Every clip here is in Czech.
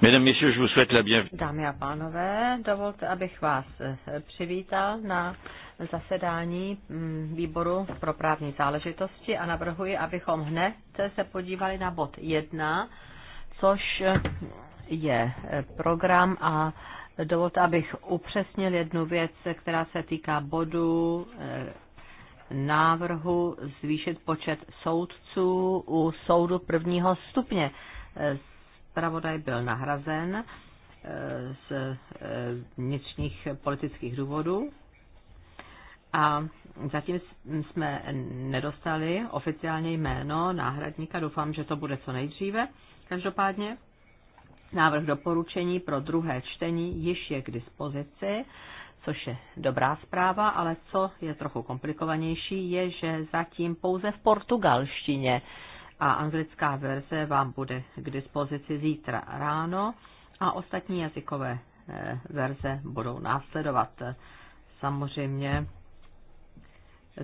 Mesdames, Messieurs, je vous souhaite la bienvenue. Dámy a pánové, dovolte, abych vás eh, přivítal na zasedání mm, výboru pro právní záležitosti a navrhuji, abychom hned se podívali na bod 1, což eh, je eh, program a dovolte, abych upřesnil jednu věc, která se týká bodu návrhu zvýšit počet soudců u soudu prvního stupně zpravodaj byl nahrazen eh, z eh, vnitřních politických důvodů. A zatím jsme nedostali oficiálně jméno náhradníka, doufám, že to bude co nejdříve. Každopádně návrh doporučení pro druhé čtení již je k dispozici, což je dobrá zpráva, ale co je trochu komplikovanější, je, že zatím pouze v portugalštině a anglická verze vám bude k dispozici zítra ráno a ostatní jazykové eh, verze budou následovat. Samozřejmě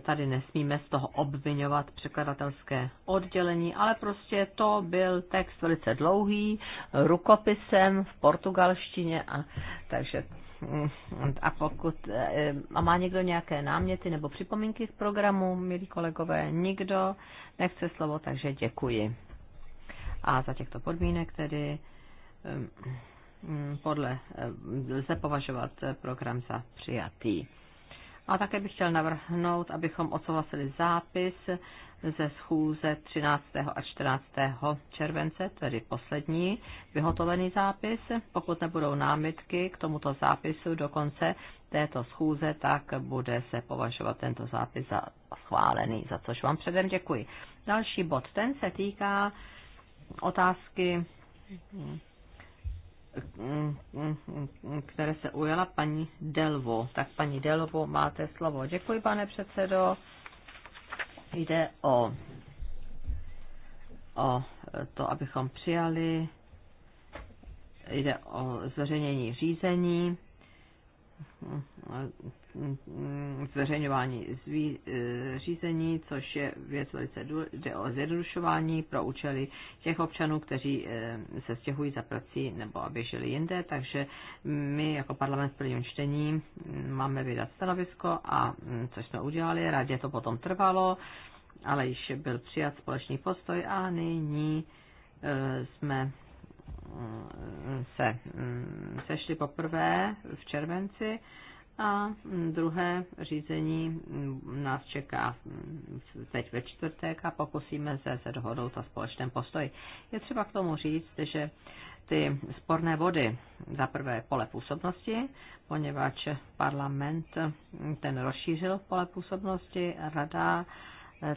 tady nesmíme z toho obvinovat překladatelské oddělení, ale prostě to byl text velice dlouhý, rukopisem v portugalštině, a takže Mm, a pokud eh, a má někdo nějaké náměty nebo připomínky k programu, milí kolegové, nikdo nechce slovo, takže děkuji. A za těchto podmínek tedy eh, mm, podle eh, lze považovat program za přijatý. A také bych chtěl navrhnout, abychom odsouhlasili zápis ze schůze 13. a 14. července, tedy poslední vyhotovený zápis. Pokud nebudou námitky k tomuto zápisu do konce této schůze, tak bude se považovat tento zápis za schválený, za což vám předem děkuji. Další bod, ten se týká otázky hm, které se ujala paní Delvo. Tak paní Delvo, máte slovo. Děkuji, pane předsedo. Jde o, o to, abychom přijali, jde o zveřejnění řízení, zveřejňování e, řízení, což je věc velice jde o zjednodušování pro účely těch občanů, kteří e, se stěhují za prací nebo aby žili jinde, takže my jako parlament v prvním čtení máme vydat stanovisko a což jsme udělali, rádě to potom trvalo, ale již byl přijat společný postoj a nyní e, jsme se sešli poprvé v červenci a mm, druhé řízení mm, nás čeká mm, teď ve čtvrtek a pokusíme se, se dohodnout o společném postoji. Je třeba k tomu říct, že ty sporné vody za prvé pole působnosti, poněvadž parlament ten rozšířil pole působnosti, rada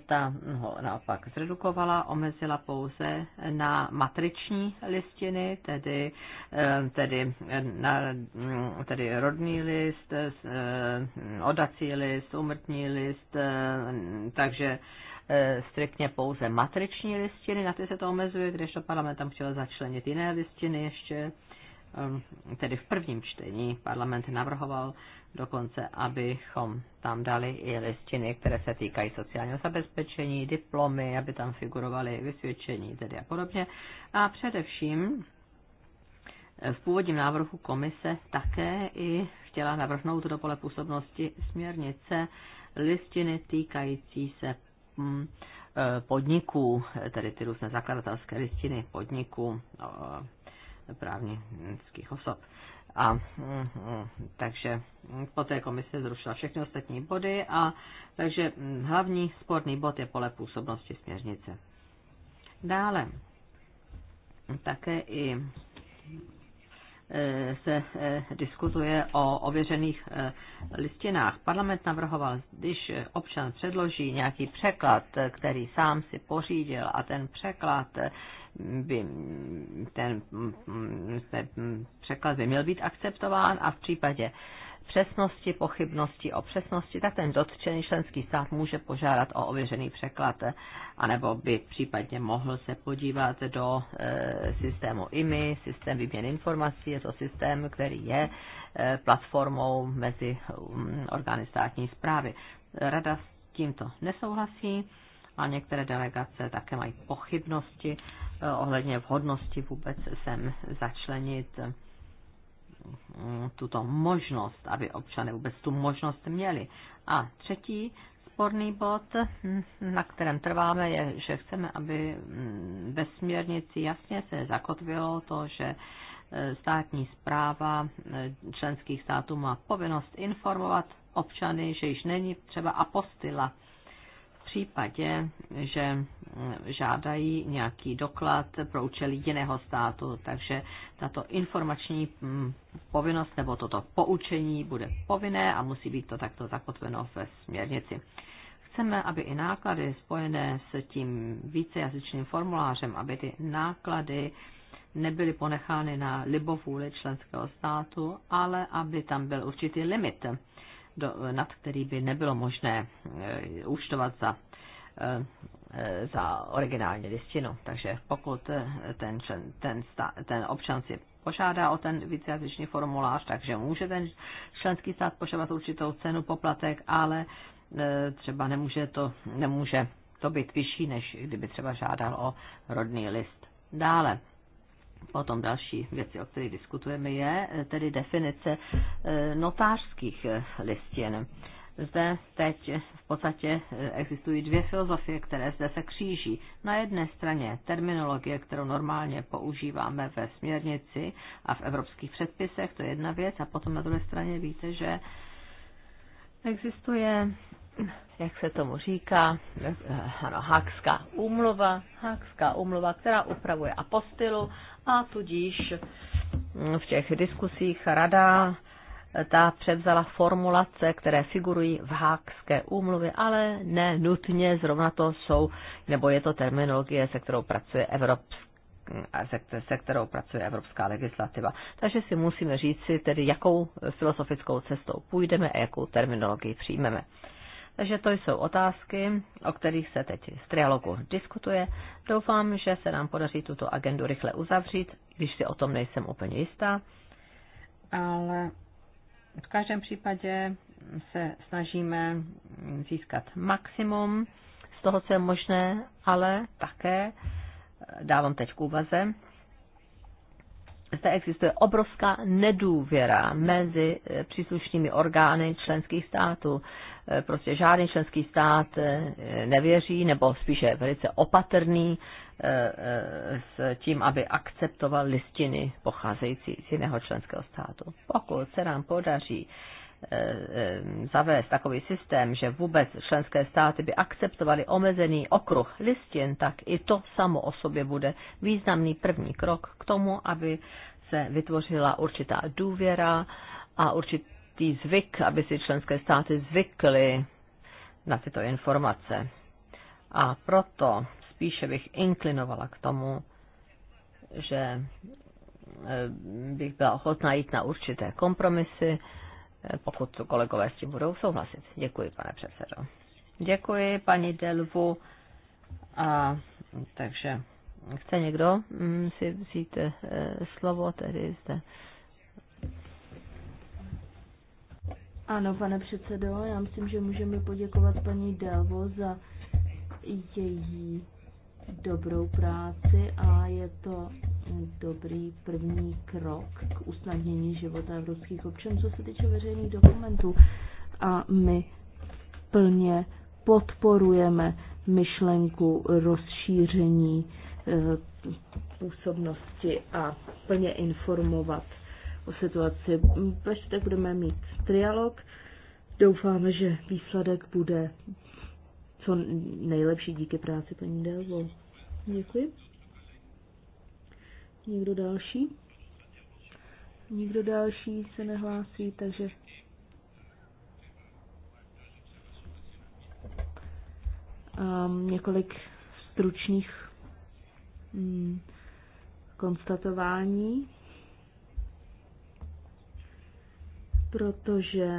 ta ho naopak zredukovala, omezila pouze na matriční listiny, tedy, eh, tedy, na, mm, tedy rodný list, eh, odací list, umrtní list, eh, takže striktně pouze matriční listiny, na ty se to omezuje, když to parlament tam chtěl začlenit jiné listiny ještě, Ehm, tedy v prvním čtení parlament navrhoval dokonce, abychom tam dali i listiny, které se týkají sociálního zabezpečení, diplomy, aby tam figurovaly vysvědčení tedy a podobně. A především eh, v původním návrhu komise také i chtěla navrhnout do pole působnosti směrnice listiny týkající se hm, eh, podniků, eh, tedy ty různé zakladatelské listiny podniků, právnických osob. A mm, mm, takže poté komise zrušila všechny ostatní body a takže mm, hlavní sporný bod je pole působnosti směrnice. Dále také i e, se e, diskutuje o ověřených e, listinách. Parlament navrhoval, když občan předloží nějaký překlad, který sám si pořídil a ten překlad by ten, překlad by měl být akceptován a v případě přesnosti, pochybnosti o přesnosti, tak ten dotčený členský stát může požádat o ověřený překlad, anebo by případně mohl se podívat do e, systému IMI, systém výměn informací, je to systém, který je e, platformou mezi um, orgány státní zprávy. Rada s tímto nesouhlasí a některé delegace také mají pochybnosti eh, ohledně vhodnosti vůbec sem začlenit mm, tuto možnost, aby občané vůbec tu možnost měli. A třetí sporný bod, mm, na kterém trváme, je, že chceme, aby mm, ve směrnici jasně se zakotvilo to, že eh, státní zpráva eh, členských států má povinnost informovat občany, že již není třeba apostila případě, že eh, žádají nějaký doklad pro účel jiného státu, takže tato informační mm, povinnost nebo toto poučení bude povinné a musí být to takto zakotveno ve směrnici. Chceme, aby i náklady spojené s tím vícejazyčným formulářem, aby ty náklady nebyly ponechány na libovůli členského státu, ale aby tam byl určitý limit do, nad který by nebylo možné e, účtovat za, e, za originální listinu. Takže pokud ten, člen, ten, sta, ten občan si požádá o ten vícejazyčný formulář, takže může ten členský stát požadovat určitou cenu poplatek, ale e, třeba nemůže to, nemůže to být vyšší, než kdyby třeba žádal o rodný list. Dále Potom další věci, o kterých diskutujeme, je eh, tedy definice eh, notářských eh, listin. Zde teď v podstatě existují dvě filozofie, které zde se kříží. Na jedné straně terminologie, kterou normálně používáme ve směrnici a v evropských předpisech, to je jedna věc, a potom na druhé straně víte, že existuje jak se tomu říká, eh, ano, Hákská úmluva, Hákská úmluva, která upravuje apostilu a tudíž mm, v těch diskusích rada eh, ta převzala formulace, které figurují v Hákské úmluvě, ale ne nutně zrovna to jsou, nebo je to terminologie, se kterou pracuje Evropská eh, se, se kterou pracuje evropská legislativa. Takže si musíme říct si tedy, jakou filozofickou cestou půjdeme a jakou terminologii přijmeme. Takže to jsou otázky, o kterých se teď z trialogu diskutuje. Doufám, že se nám podaří tuto agendu rychle uzavřít, když si o tom nejsem úplně jistá. Ale v každém případě se snažíme získat maximum z toho, co je možné, ale také dávám teď k úvaze, zde existuje obrovská nedůvěra mezi eh, příslušnými orgány členských států. Eh, prostě žádný členský stát eh, nevěří, nebo spíše velice opatrný s tím, aby akceptoval listiny pocházející z jiného členského státu. Pokud se nám podaří Eh, eh, zavést takový systém, že vůbec členské státy by akceptovaly omezený okruh listin, tak i to samo o sobě bude významný první krok k tomu, aby se vytvořila určitá důvěra a určitý zvyk, aby si členské státy zvykly na tyto informace. A proto spíše bych inklinovala k tomu, že eh, bych byla ochotná jít na určité kompromisy, pokud tu kolegové s tím budou souhlasit. Děkuji, pane předsedo. Děkuji, paní Delvu. A takže chce někdo mm, si vzít e, slovo tedy zde? Ano, pane předsedo, já myslím, že můžeme poděkovat paní Delvo za její dobrou práci a je to dobrý první krok k usnadnění života evropských občanů, co se týče veřejných dokumentů. A my plně podporujeme myšlenku rozšíření eh, působnosti a plně informovat o situaci. Ve tak budeme mít trialog. Doufáme, že výsledek bude co nejlepší díky práci paní Delvo. Děkuji. Někdo další? Nikdo další se nehlásí, takže um, několik stručných um, konstatování, protože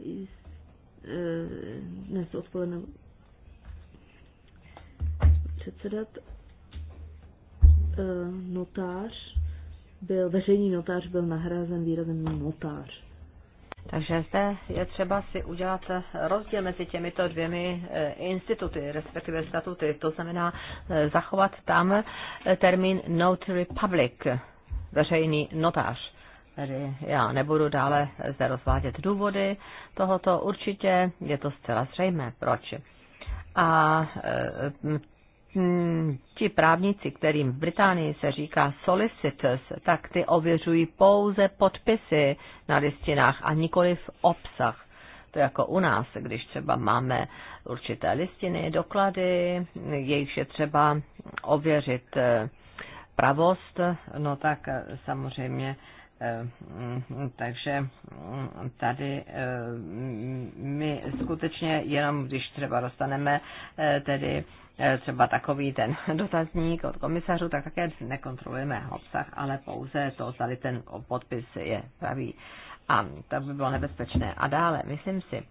eh, dnes odpoledne předsedat Eh, notář byl, veřejný notář byl nahrazen výrazem notář. Takže zde je třeba si udělat rozdíl mezi těmito dvěmi eh, instituty, respektive statuty. To znamená eh, zachovat tam termín notary public, veřejný notář. Tedy já nebudu dále zde rozvádět důvody tohoto, určitě je to zcela zřejmé, proč. A Hmm, ti právníci, kterým v Británii se říká solicitors, tak ty ověřují pouze podpisy na listinách a nikoli v obsah. To jako u nás, když třeba máme určité listiny, doklady, jejich je třeba ověřit eh, pravost, no tak eh, samozřejmě Eh, mm, takže mm, tady eh, my skutečně jenom, když třeba dostaneme eh, tedy třeba takový ten dotazník od komisařů, tak také nekontrolujeme obsah, ale pouze to, tady ten podpis je pravý. A to by bylo nebezpečné. A dále, myslím si,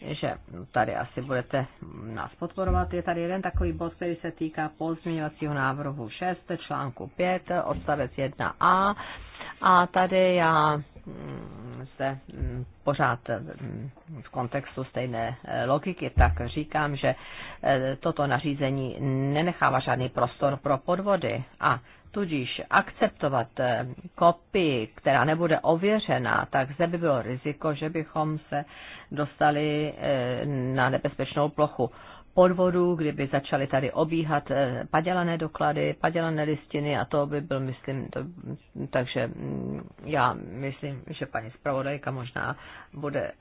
že tady asi budete nás podporovat. Je tady jeden takový bod, který se týká pozměňovacího návrhu 6, článku 5, odstavec 1a. A tady já se mm, mm, pořád mm, v kontextu stejné eh, logiky, tak říkám, že eh, toto nařízení nenechává žádný prostor pro podvody a tudíž akceptovat eh, kopii, která nebude ověřená, tak zde by bylo riziko, že bychom se dostali eh, na nebezpečnou plochu podvodu, kdyby začaly tady obíhat eh, padělané doklady, padělané listiny a to by byl, myslím, to, takže mm, já myslím, že paní zpravodajka možná bude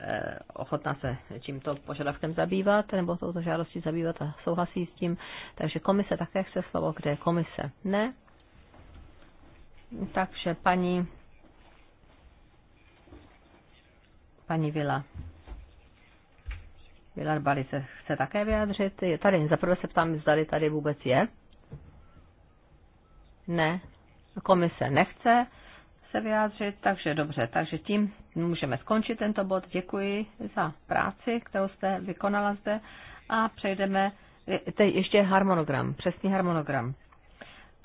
ochotná se tímto požadavkem zabývat nebo touto žádostí zabývat a souhlasí s tím. Takže komise také chce slovo, kde je komise? Ne? Takže paní, paní Vila. Vila Bali se chce také vyjádřit. Je tady, zaprvé se ptám, zda tady vůbec je. Ne, komise nechce se vyjádřit, takže dobře, takže tím můžeme skončit tento bod. Děkuji za práci, kterou jste vykonala zde a přejdeme, teď ještě harmonogram, přesný harmonogram.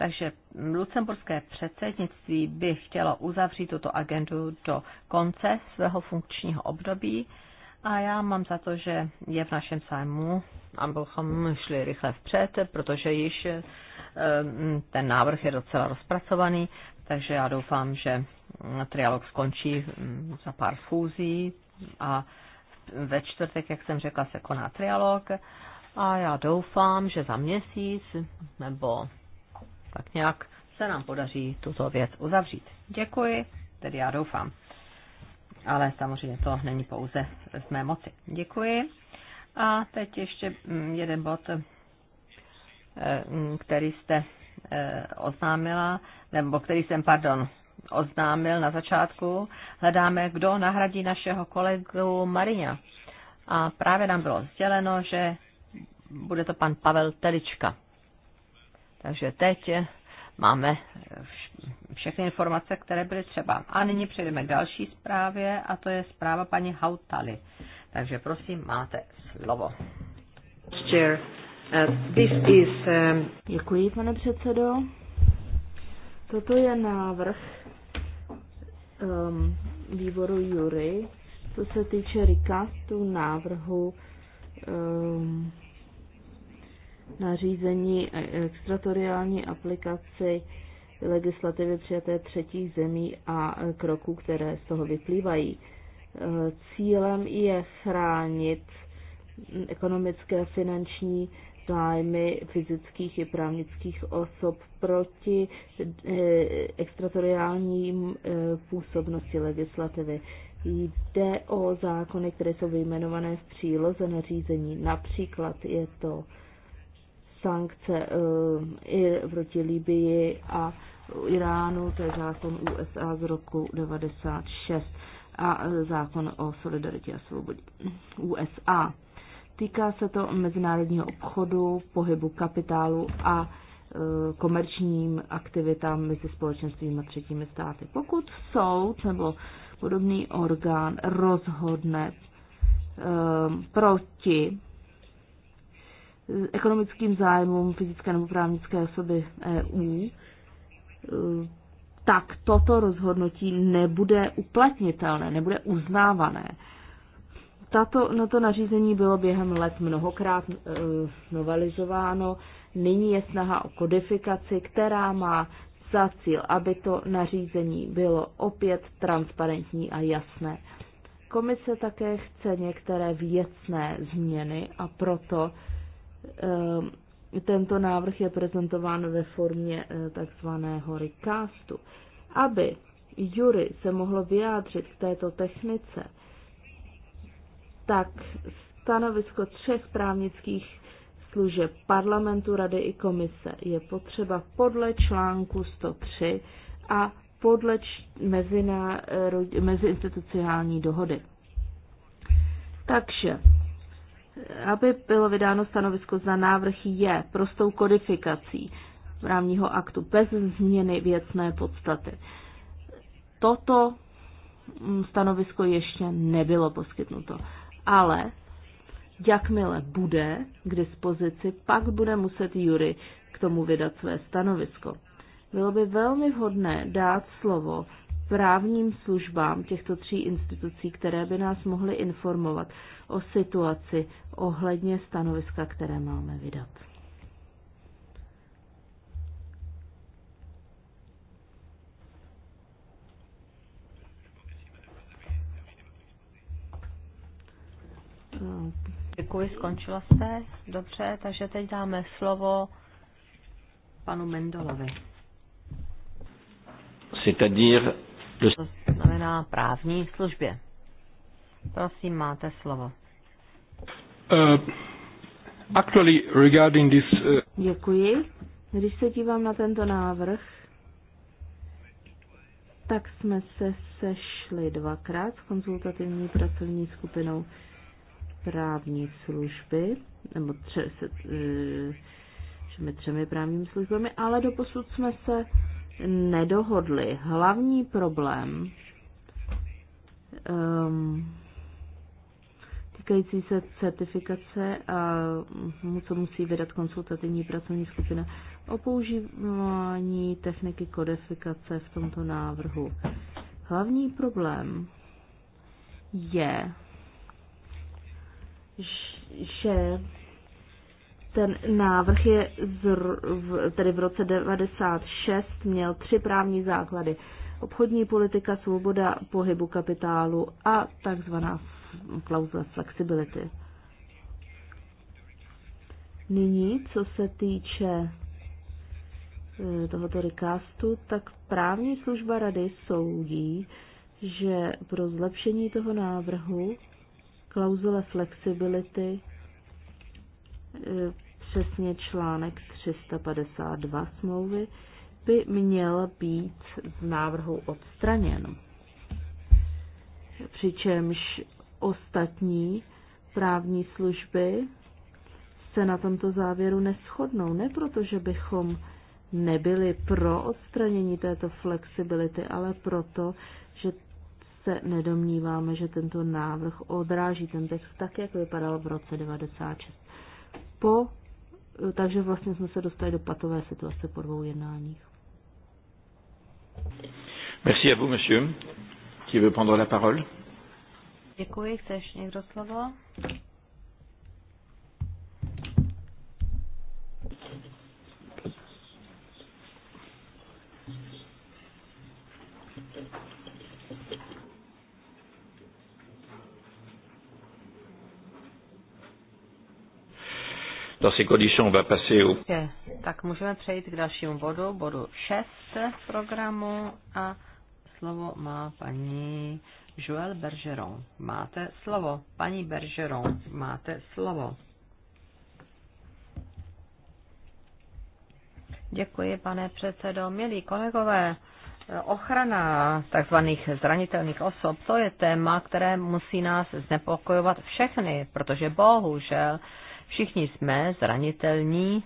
Takže lucemburské předsednictví by chtělo uzavřít tuto agendu do konce svého funkčního období a já mám za to, že je v našem zájmu, abychom šli rychle vpřed, protože již eh, mm, ten návrh je docela rozpracovaný, takže já doufám, že mm, trialog skončí mm, za pár schůzí a ve čtvrtek, jak jsem řekla, se koná trialog a já doufám, že za měsíc nebo tak nějak se nám podaří tuto věc uzavřít. Děkuji, tedy já doufám. Ale samozřejmě to není pouze z mé moci. Děkuji. A teď ještě mm, jeden bod, eh, který jste eh, oznámila, nebo který jsem, pardon, oznámil na začátku. Hledáme, kdo nahradí našeho kolegu Marina. A právě nám bylo sděleno, že bude to pan Pavel Telička. Takže teď máme všechny informace, které byly třeba. A nyní přejdeme k další zprávě a to je zpráva paní Hautali. Takže prosím, máte slovo. Chair, uh, this is, um, Děkuji, pane předsedo. Toto je návrh um, výboru Jury, co se týče rikastu návrhu um, nařízení e, extratoriální aplikaci legislativy přijaté třetích zemí a e, kroků, které z toho vyplývají. E, cílem je chránit ekonomické a finanční zájmy fyzických i právnických osob proti extratoriální působnosti legislativy. Jde o zákony, které jsou vyjmenované v příloze nařízení. Například je to sankce eh, i proti Libii a Iránu, to je zákon USA z roku 96 a eh, zákon o solidaritě a svobodě USA. Týká se to mezinárodního obchodu, pohybu kapitálu a eh, komerčním aktivitám mezi společenstvím a třetími státy. Pokud soud nebo podobný orgán rozhodne proti ekonomickým zájmům fyzické nebo právnické osoby EU, eh, tak toto rozhodnutí nebude uplatnitelné, nebude uznávané. Tato, no to nařízení bylo během let mnohokrát e, novelizováno. Nyní je snaha o kodifikaci, která má za cíl, aby to nařízení bylo opět transparentní a jasné. Komise také chce některé věcné změny a proto e, Ehm, tento návrh je prezentován ve formě eh, takzvaného recastu. Aby jury se mohlo vyjádřit k této technice, tak stanovisko třech právnických služeb parlamentu, rady i komise je potřeba podle článku 103 a podle eh, meziinstitucionální dohody. Takže aby bylo vydáno stanovisko za návrh je prostou kodifikací právního aktu bez změny věcné podstaty. Toto mm, stanovisko ještě nebylo poskytnuto, ale jakmile bude k dispozici, pak bude muset Jury k tomu vydat své stanovisko. Bylo by velmi vhodné dát slovo právním službám těchto tří institucí, které by nás mohly informovat o situaci ohledně stanoviska, které máme vydat. Děkuji, skončila jste. Dobře, takže teď dáme slovo panu Mendolovi. C'est-à-dire to znamená právní službě. Prosím, máte slovo. Uh, actually regarding this, uh... Děkuji. Když se dívám na tento návrh, tak jsme se sešli dvakrát s konzultativní pracovní skupinou právní služby, nebo tře, se, uh, třemi právními službami, ale doposud jsme se nedohodli. Hlavní problém um, týkající se certifikace a co musí vydat konsultativní pracovní skupina o používání techniky kodifikace v tomto návrhu. Hlavní problém je, že ten návrh je z, tedy v roce 96 měl tři právní základy. Obchodní politika, svoboda pohybu kapitálu a takzvaná klauzule flexibility. Nyní, co se týče e, tohoto recastu, tak právní služba rady soudí, že pro zlepšení toho návrhu klauzule flexibility přesně článek 352 smlouvy, by měl být z návrhu odstraněn. Přičemž ostatní právní služby se na tomto závěru neschodnou. Ne proto, že bychom nebyli pro odstranění této flexibility, ale proto, že se nedomníváme, že tento návrh odráží ten text tak, jak vypadal v roce 96 po, takže vlastně jsme se dostali do patové situace po dvou jednáních. Merci à vous, monsieur. Qui veut prendre la parole? Děkuji. Chceš někdo slovo? Dans ces conditions, on va passer au... Tak můžeme přejít k dalšímu bodu, bodu 6 programu a slovo má paní Joël Bergeron. Máte slovo. Paní Bergeron, máte slovo. Děkuji, pane předsedo. Milí kolegové, ochrana tzv. zranitelných osob, to je téma, které musí nás znepokojovat všechny, protože bohužel Všichni jsme zranitelní,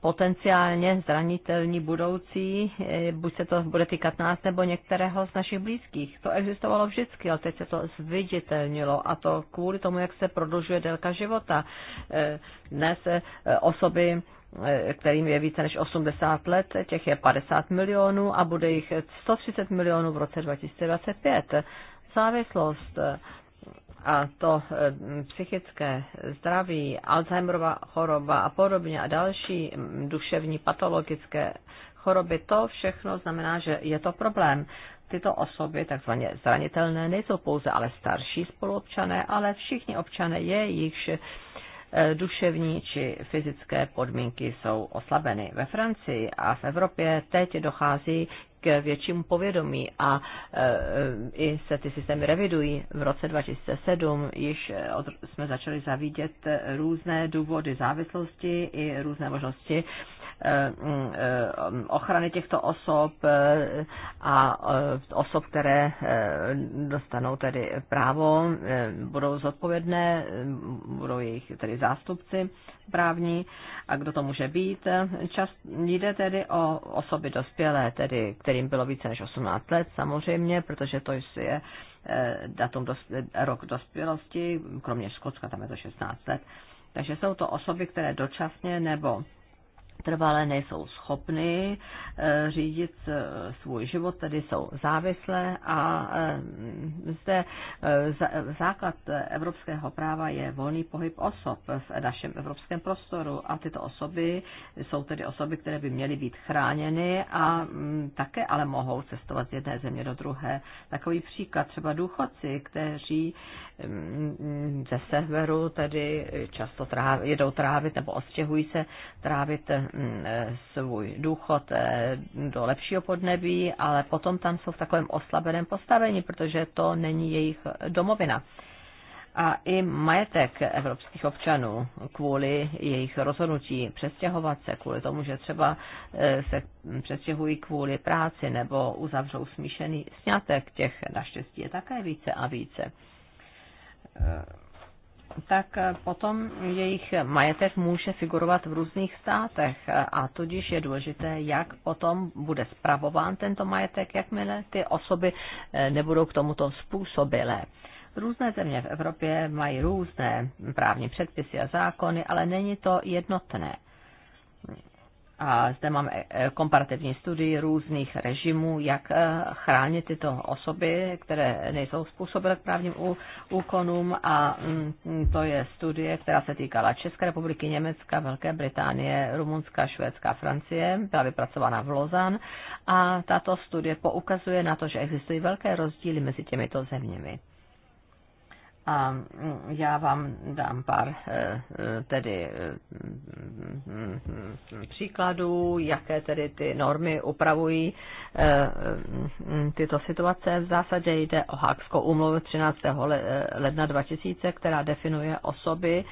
potenciálně zranitelní budoucí, eh, buď se to bude týkat nás nebo některého z našich blízkých. To existovalo vždycky, ale teď se to zviditelnilo a to kvůli tomu, jak se prodlužuje délka života. Eh, dnes eh, osoby kterým je více než 80 let, těch je 50 milionů a bude jich 130 milionů v roce 2025. Závislost a to eh, psychické zdraví, Alzheimerova choroba a podobně a další mm, duševní patologické choroby, to všechno znamená, že je to problém. Tyto osoby, takzvaně zranitelné, nejsou pouze ale starší spoluobčané, ale všichni občané, jejichž eh, duševní či fyzické podmínky jsou oslabeny. Ve Francii a v Evropě teď dochází k většímu povědomí a e, i se ty systémy revidují. V roce 2007 již e, od, jsme začali zavídět různé důvody závislosti i různé možnosti Eh, mm, eh, ochrany těchto osob eh, a osob, které dostanou tedy právo, budou zodpovědné, budou jejich tedy zástupci právní a kdo to může být. Čas jde tedy o osoby dospělé, tedy kterým bylo více než 18 let samozřejmě, protože to je datum dos, rok dospělosti, kromě Škotska tam je to 16 let. Takže jsou to osoby, které dočasně nebo trvalé nejsou schopny eh, řídit eh, svůj život, tedy jsou závislé a eh, zde základ evropského práva je volný pohyb osob v našem evropském prostoru a tyto osoby jsou tedy osoby, které by měly být chráněny a mm, také ale mohou cestovat z jedné země do druhé. Takový příklad třeba důchodci, kteří mm, ze severu tedy často tráv, jedou trávit nebo odstěhují se trávit Mm, eh, svůj důchod eh, do lepšího podnebí, ale potom tam jsou v takovém oslabeném postavení, protože to není jejich domovina. A i majetek evropských občanů kvůli jejich rozhodnutí přestěhovat se, kvůli tomu, že třeba eh, se přestěhují kvůli práci nebo uzavřou smíšený snětek, těch naštěstí je také více a více tak eh, potom jejich majetek může figurovat v různých státech a tudíž je důležité, jak potom bude spravován tento majetek, jakmile ty osoby eh, nebudou k tomuto způsobilé. Různé země v Evropě mají různé právní předpisy a zákony, ale není to jednotné. A zde máme eh, komparativní studii různých režimů, jak eh, chránit tyto osoby, které nejsou způsobené k právním úkonům. A mm, to je studie, která se týkala České republiky, Německa, Velké Británie, Rumunska, Švédska, Francie. Byla vypracována v Lozan. A tato studie poukazuje na to, že existují velké rozdíly mezi těmito zeměmi. A mm, já vám dám pár eh, eh, tedy eh, mm, příkladů, jaké tedy ty normy upravují mm, tyto situace. V zásadě jde o Hákskou úmluvu 13. ledna 2000, která definuje osoby,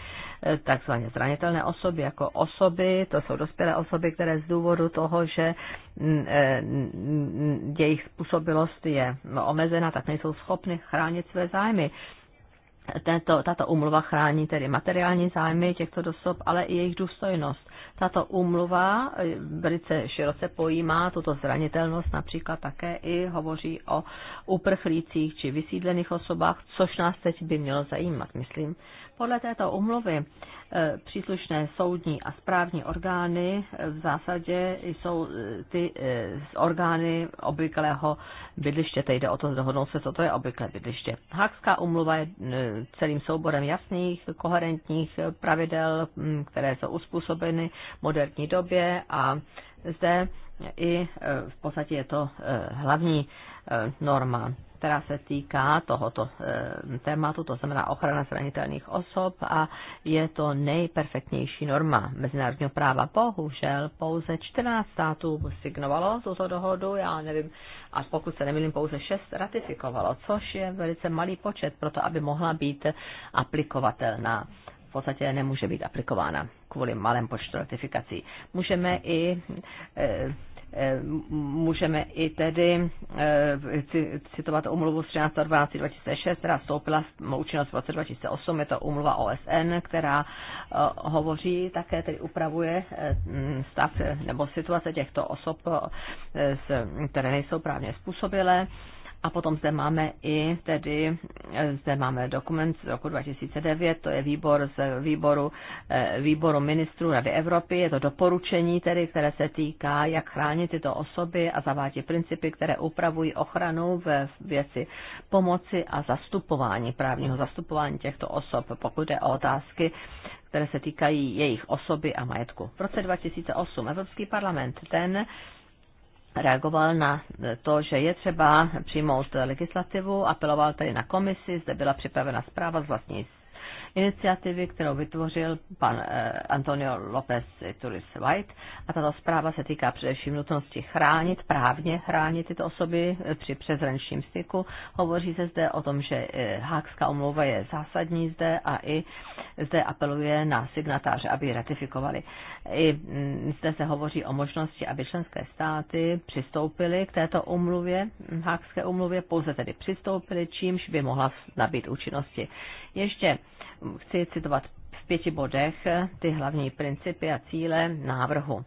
takzvaně zranitelné osoby, jako osoby, to jsou dospělé osoby, které z důvodu toho, že jejich způsobilost je omezena, tak nejsou schopny chránit své zájmy tento, tato umluva chrání tedy materiální zájmy těchto osob, ale i jejich důstojnost. Tato umluva eh, velice široce pojímá tuto zranitelnost, například také i hovoří o uprchlících či vysídlených osobách, což nás teď by mělo zajímat, myslím. Podle této umluvy eh, příslušné soudní a správní orgány eh, v zásadě jsou eh, ty orgány obvyklého bydliště. Teď jde o to dohodnout se, co to je obvyklé bydliště. Hakská umluva je celým souborem jasných, koherentních pravidel, hm, které jsou uspůsobeny moderní době a zde i v podstatě je to hlavní norma která se týká tohoto eh, tématu, to znamená ochrana zranitelných osob a je to nejperfektnější norma mezinárodního práva. Bohužel pouze 14 států signovalo tuto dohodu, já nevím, a pokud se nemýlím, pouze 6 ratifikovalo, což je velice malý počet pro to, aby mohla být aplikovatelná v podstatě nemůže být aplikována kvůli malém počtu ratifikací. Můžeme i eh, Eh, můžeme i tedy eh, citovat umluvu z 2006, která vstoupila v účinnost v roce 2008, je to umluva OSN, která eh, hovoří, také tedy upravuje stav nebo situace těchto osob, které nejsou právně způsobilé a potom zde máme i tedy, zde máme dokument z roku 2009, to je výbor z výboru, eh, výboru ministrů Rady Evropy, je to doporučení tedy, které se týká, jak chránit tyto osoby a zavádí principy, které upravují ochranu ve věci pomoci a zastupování, právního zastupování těchto osob, pokud jde o otázky které se týkají jejich osoby a majetku. V roce 2008 Evropský parlament ten reagoval na to, že je třeba přijmout legislativu, apeloval tedy na komisi, zde byla připravena zpráva z vlastní iniciativy, kterou vytvořil pan eh, Antonio López Turis White. A tato zpráva se týká především nutnosti chránit, právně chránit tyto osoby eh, při přezrančním styku. Hovoří se zde o tom, že eh, Hákská umlouva je zásadní zde a i zde apeluje na signatáře, aby ji ratifikovali. I mm, zde se hovoří o možnosti, aby členské státy přistoupily k této umluvě, hm, Hákské umluvě, pouze tedy přistoupily, čímž by mohla nabít účinnosti. Ještě chci citovat v pěti bodech ty hlavní principy a cíle návrhu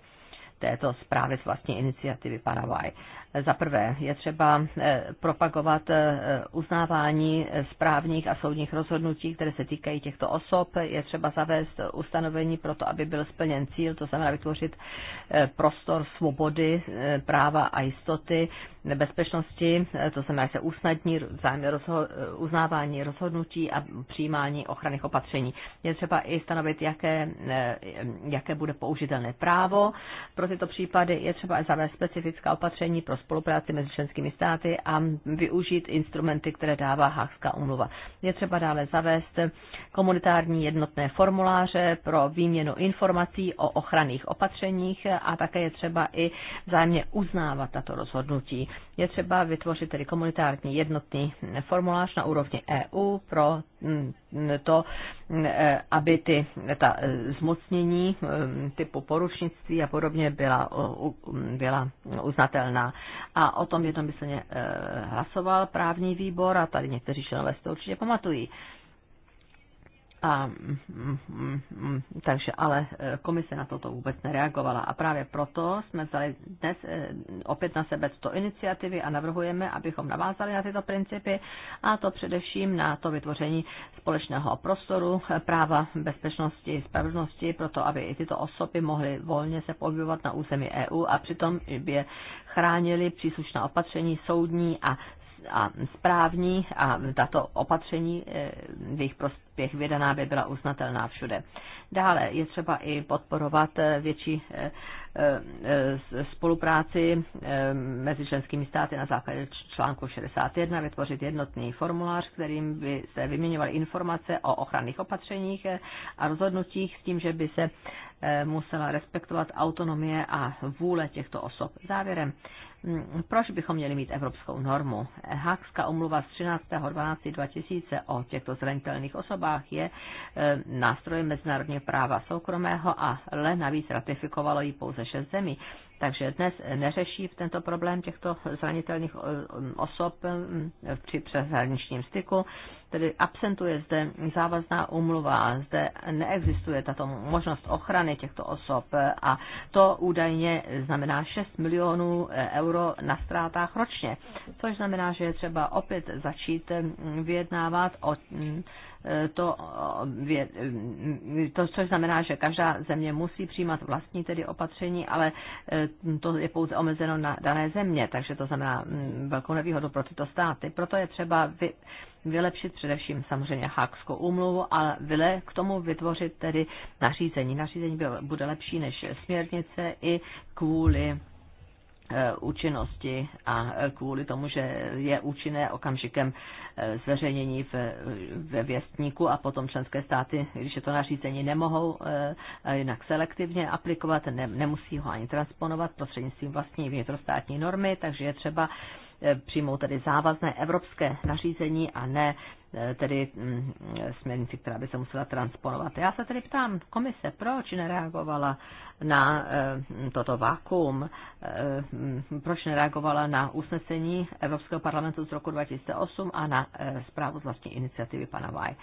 této zprávy z vlastní iniciativy Paraguay. Za prvé je třeba eh, propagovat eh, uznávání správních a soudních rozhodnutí, které se týkají těchto osob. Je třeba zavést ustanovení pro to, aby byl splněn cíl, to znamená vytvořit eh, prostor svobody, práva a jistoty, bezpečnosti, to znamená, že se usnadní vzájemné rozho- uznávání rozhodnutí a přijímání ochranných opatření. Je třeba i stanovit, jaké, jaké bude použitelné právo pro tyto případy. Je třeba zavést specifická opatření pro spolupráci mezi členskými státy a využít instrumenty, které dává Hákská umluva. Je třeba dále zavést komunitární jednotné formuláře pro výměnu informací o ochranných opatřeních a také je třeba i vzájemně uznávat tato rozhodnutí. Je třeba vytvořit tedy komunitární jednotný formulář na úrovni EU pro mm, to, eh, aby ty, ta eh, zmocnění eh, typu poručnictví a podobně byla, byla uznatelná a o tom jednomyslně eh, hlasoval právní výbor a tady někteří členové si to určitě pamatují. A, mm, mm, takže ale eh, komise na toto vůbec nereagovala a právě proto jsme vzali dnes eh, opět na sebe tuto iniciativy a navrhujeme, abychom navázali na tyto principy a to především na to vytvoření společného prostoru eh, práva bezpečnosti, spravedlnosti, proto aby i tyto osoby mohly volně se pohybovat na území EU a přitom by je chránili příslušná opatření soudní a a správní a tato opatření eh, v jejich prospěch vydaná by byla uznatelná všude. Dále je třeba i podporovat eh, větší eh, spolupráci mezi členskými státy na základě článku 61, vytvořit jednotný formulář, kterým by se vyměňovaly informace o ochranných opatřeních a rozhodnutích s tím, že by se musela respektovat autonomie a vůle těchto osob. Závěrem proč bychom měli mít evropskou normu? Hákská umluva z 13.12.2000 o těchto zranitelných osobách je eh, nástrojem mezinárodně práva soukromého a le navíc ratifikovalo ji pouze šest zemí. Takže dnes neřeší tento problém těchto zranitelných eh, osob hm, při přeshraničním styku, tedy absentuje zde závazná umluva, zde neexistuje tato možnost ochrany těchto osob a to údajně znamená 6 milionů eh, euro na ztrátách ročně, což znamená, že je třeba opět začít hm, vyjednávat o hm, to, to, což znamená, že každá země musí přijímat vlastní tedy opatření, ale eh, to je pouze omezeno na dané země, takže to znamená mm, velkou nevýhodu pro tyto státy. Proto je třeba vy, vylepšit především samozřejmě Hákskou úmluvu, ale vyle k tomu vytvořit tedy nařízení. Nařízení bude lepší než směrnice i kvůli Eh, účinnosti a eh, kvůli tomu, že je účinné okamžikem eh, zveřejnění ve věstníku a potom členské státy, když je to nařízení, nemohou jinak selektivně aplikovat, ne, nemusí ho ani transponovat prostřednictvím vlastní vnitrostátní normy, takže je třeba Eh, přijmou tedy závazné evropské nařízení a ne eh, tedy mm, směrnici, která by se musela transponovat. Já se tedy ptám komise, proč nereagovala na eh, toto vákum, hm, proč nereagovala na usnesení Evropského parlamentu z roku 2008 a na zprávu z vlastní iniciativy pana Vaj.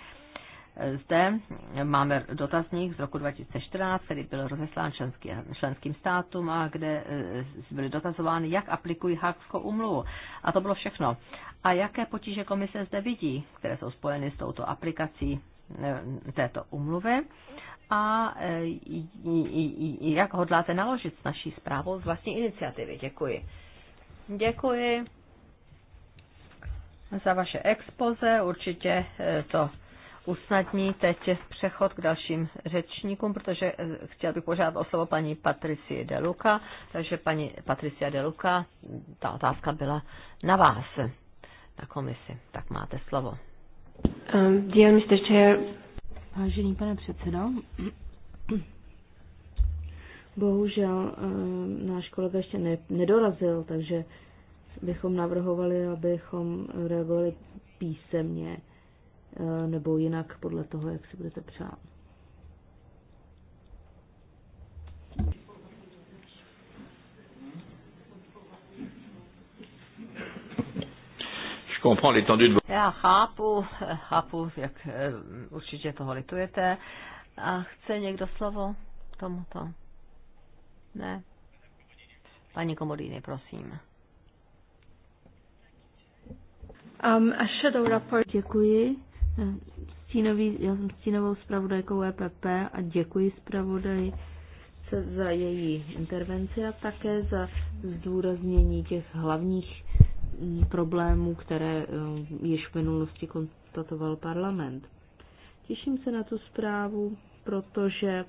Zde máme dotazník z roku 2014, který byl rozeslán členský, členským státům a kde eh, byly dotazovány, jak aplikují Hákskou umluvu. A to bylo všechno. A jaké potíže komise zde vidí, které jsou spojeny s touto aplikací eh, této umluvy a eh, jak hodláte naložit s naší zprávou z vlastní iniciativy. Děkuji. Děkuji za vaše expoze, určitě to usnadní teď přechod k dalším řečníkům, protože eh, chtěla bych požádat o slovo paní Patricie Deluka. Takže paní Patricia Deluka, ta otázka byla na vás, na komisi. Tak máte slovo. Um, dear Mr. Vážený pane předsedo, bohužel eh, náš kolega ještě ne, nedorazil, takže bychom navrhovali, abychom reagovali písemně Eh, nebo jinak podle toho, jak si budete přát. Já chápu, eh, chápu, jak eh, určitě toho litujete. A chce někdo slovo k tomuto? Ne? Paní Komodýny, prosím. Um, a shadow report. Děkuji. Stínový, já jsem stínovou zpravodajkou EPP a děkuji zpravodaji za její intervenci a také za zdůraznění těch hlavních mm, problémů, které eh, již v minulosti konstatoval parlament. Těším se na tu zprávu, protože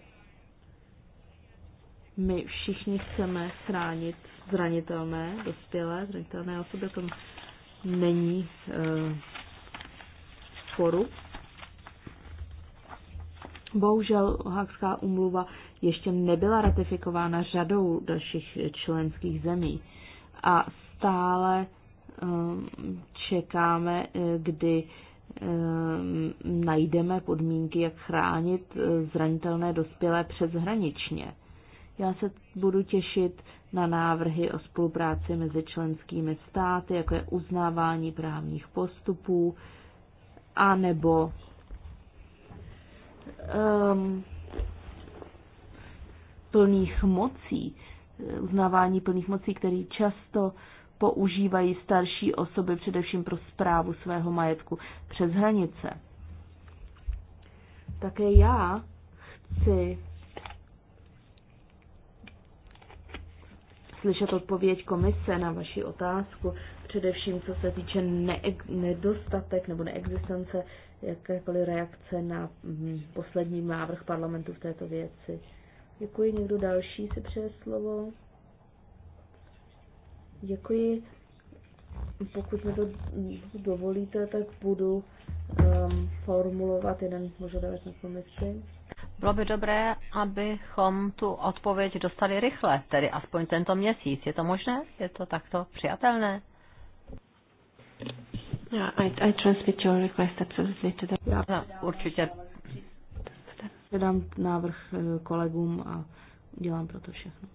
my všichni chceme chránit zranitelné, dospělé, zranitelné osoby, o tom není eh, sporu. Bohužel Hákská umluva ještě nebyla ratifikována řadou dalších členských zemí a stále um, čekáme, eh, kdy um, najdeme podmínky, jak chránit eh, zranitelné dospělé přeshraničně. Já se budu těšit na návrhy o spolupráci mezi členskými státy, jako je uznávání právních postupů, a nebo um, plných mocí, uznávání plných mocí, který často používají starší osoby především pro zprávu svého majetku přes hranice. Také já chci slyšet odpověď komise na vaši otázku především co se týče ne- nedostatek nebo neexistence jakékoliv reakce na mm, poslední návrh parlamentu v této věci. Děkuji. Někdo další si přeje slovo? Děkuji. Pokud mi to dovolíte, tak budu um, formulovat jeden požadavek na komisi. Bylo by dobré, abychom tu odpověď dostali rychle, tedy aspoň tento měsíc. Je to možné? Je to takto přijatelné? Yeah, I, I transmit your request absolutely to the... Já určitě předám návrh eh, kolegům a dělám pro to všechno.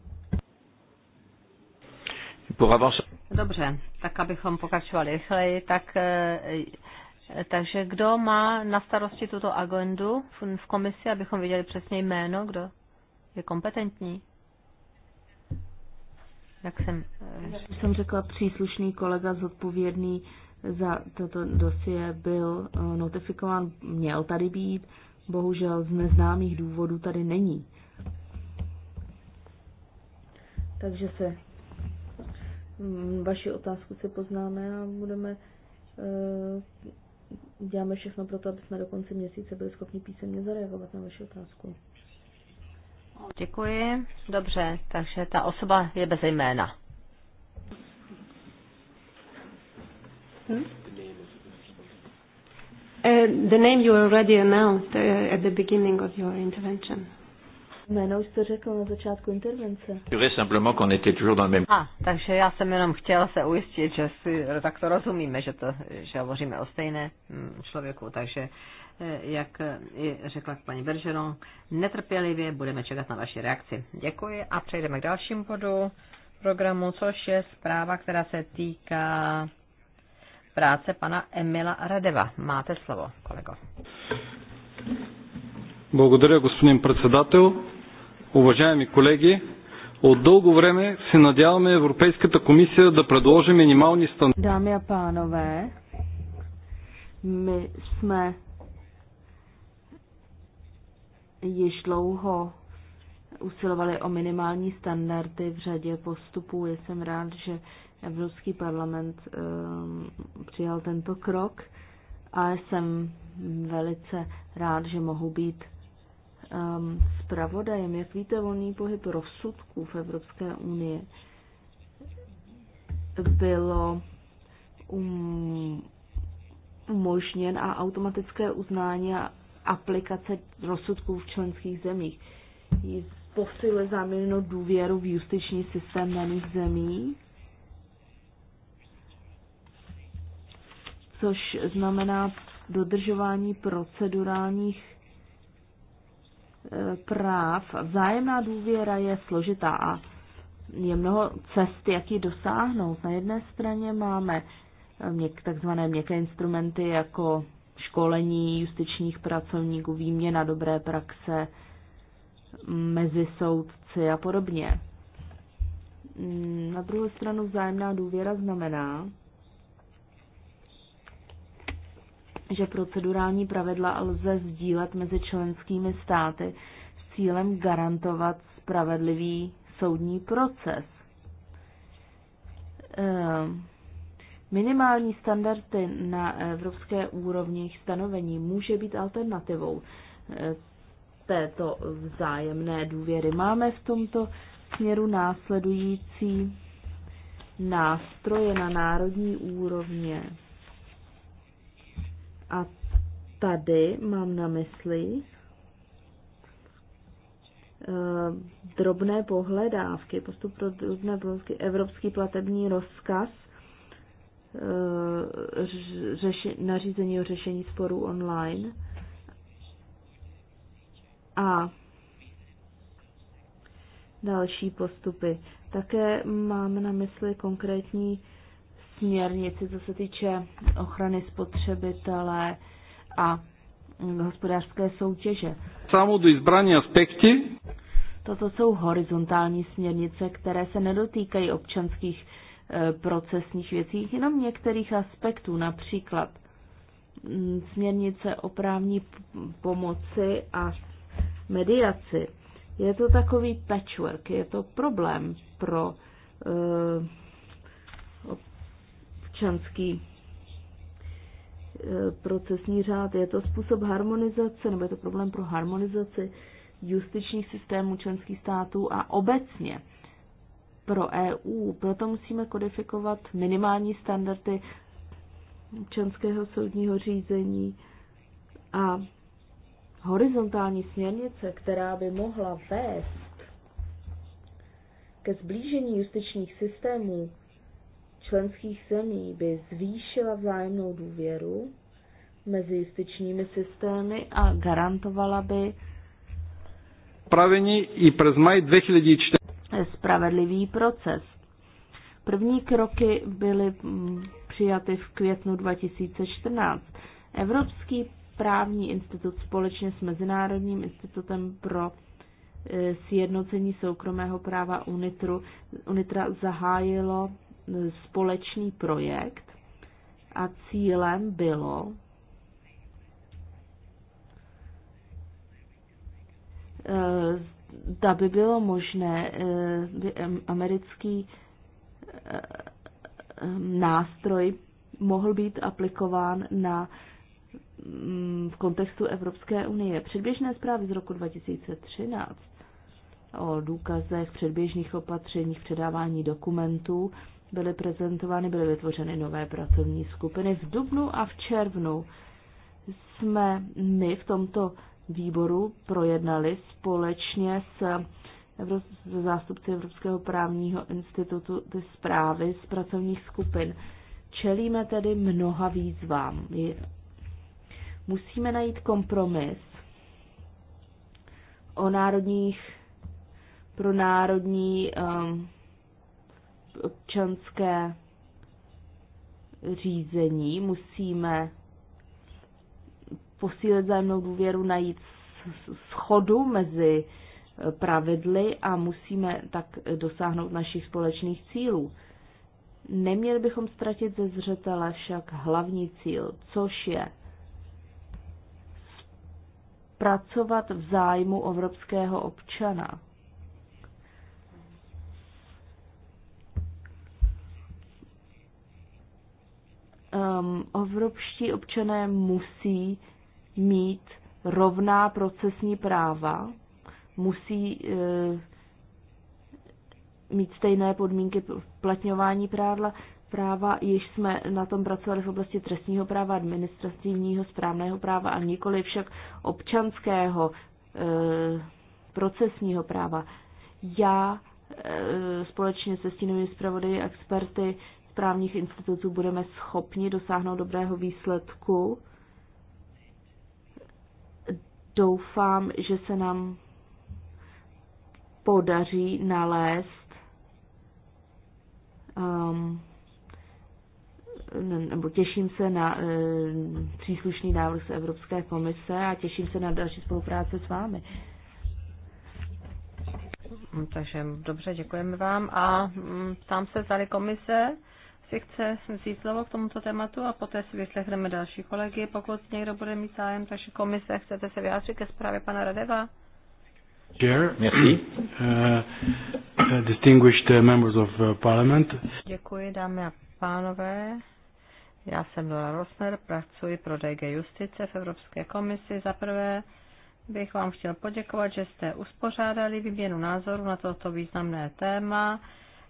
Dobře, tak abychom pokračovali rychleji, tak, eh, eh, takže kdo má na starosti tuto agendu v komisi, abychom viděli přesně jméno, kdo je kompetentní? Jak jsem, jsem řekla, příslušný kolega zodpovědný za toto dosie byl eh, notifikován, měl tady být, bohužel z neznámých důvodů tady není. Takže se mm, vaši otázku si poznáme a budeme eh, děláme všechno pro to, aby jsme do konce měsíce byli schopni písemně zareagovat na vaši otázku. Děkuji. Dobře, takže ta osoba je bez jména. Hmm? Uh, the name you already announced uh, at the beginning of your intervention. Jméno už řekl na začátku intervence. A, ah, takže já jsem jenom chtěla se ujistit, že si eh, tak to rozumíme, že, to, že hovoříme o stejné mm, člověku, takže eh, jak eh, řekla paní Beržeron, netrpělivě budeme čekat na vaši reakci. Děkuji a přejdeme k dalšímu bodu programu, což je zpráva, která se týká práce pana Emila Radeva. Máte slovo, kolego. Благодаря, господин председател. Уважаеми колеги, от дълго време се надяваме Европейската комисия да предложи минимални стандарти. Дами и панове, my jsme již dlouho usilovali o minimální standardy v řadě postupů. Jsem rád, že Evropský parlament ehm, přijal tento krok, a jsem velice rád, že mohu být um, zpravodajem. Jak víte, volný pohyb rozsudků v Evropské unii bylo um, umožněn a automatické uznání a aplikace rozsudků v členských zemích. Posile záměrnou důvěru v justiční systém daných zemí což znamená dodržování procedurálních e, práv. Vzájemná důvěra je složitá a je mnoho cest, jak ji dosáhnout. Na jedné straně máme e, takzvané měkké instrumenty jako školení justičních pracovníků, výměna dobré praxe mezi soudci a podobně. Mm, na druhou stranu vzájemná důvěra znamená, že procedurální pravidla lze sdílet mezi členskými státy s cílem garantovat spravedlivý soudní proces. Ehm, minimální standardy na evropské úrovni stanovení může být alternativou eh, této vzájemné důvěry. Máme v tomto směru následující nástroje na národní úrovně a tady mám na mysli eh, drobné pohledávky, postup pro drobné pohledávky, evropský platební rozkaz, eh, řeši, nařízení o řešení sporů online a další postupy. Také máme na mysli konkrétní směrnici, co se týče ochrany spotřebitele a hospodářské soutěže. Samo do izbraní aspekty. Toto jsou horizontální směrnice, které se nedotýkají občanských eh, procesních věcí, jenom některých aspektů, například mm, směrnice o právní pomoci a mediaci. Je to takový patchwork, je to problém pro eh, občanský eh, procesní řád. Je to způsob harmonizace, nebo je to problém pro harmonizaci justičních systémů členských států a obecně pro EU. Proto musíme kodifikovat minimální standardy občanského soudního řízení a horizontální směrnice, která by mohla vést ke zblížení justičních systémů členských zemí by zvýšila vzájemnou důvěru mezi justičními systémy a garantovala by Pravení i přes maj 2014. Spravedlivý proces. První kroky byly mm, přijaty v květnu 2014. Evropský právní institut společně s Mezinárodním institutem pro e, sjednocení soukromého práva UNITRu, UNITRA zahájilo společný projekt a cílem bylo Da eh, by bylo možné by eh, americký eh, nástroj mohl být aplikován na mm, v kontextu Evropské unie. Předběžné zprávy z roku 2013 o důkazech, předběžných opatřeních, předávání dokumentů byly prezentovány, byly vytvořeny nové pracovní skupiny. V dubnu a v červnu jsme my v tomto výboru projednali společně s zástupci Evropského právního institutu ty zprávy z pracovních skupin. Čelíme tedy mnoha výzvám. Musíme najít kompromis o národních, pro národní um, občanské řízení, musíme posílit zájemnou důvěru, najít schodu mezi pravidly a musíme tak dosáhnout našich společných cílů. Neměli bychom ztratit ze zřetele však hlavní cíl, což je pracovat v zájmu evropského občana. um, evropští občané musí mít rovná procesní práva, musí uh, mít stejné podmínky platňování práva, práva, již jsme na tom pracovali v oblasti trestního práva, administrativního, správného práva a nikoli však občanského e, procesního práva. Já e, společně se stínovými zpravodaji experty správních institucí budeme schopni dosáhnout dobrého výsledku. Doufám, že se nám podaří nalézt um, nebo těším se na e, příslušný návrh z Evropské komise a těším se na další spolupráce s vámi. Takže dobře, děkujeme vám a tam mm, se zali komise si chce vzít slovo k tomuto tématu a poté si vyslechneme další kolegy, pokud někdo bude mít zájem. Takže komise, chcete se vyjádřit ke zprávě pana Radeva? Chair, merci. Uh, uh distinguished uh, members of uh, parliament. Děkuji, dámy a pánové. Já jsem Dora Rosner, pracuji pro DG Justice v Evropské komisi. Za prvé bych vám chtěl poděkovat, že jste uspořádali výměnu názoru na toto významné téma.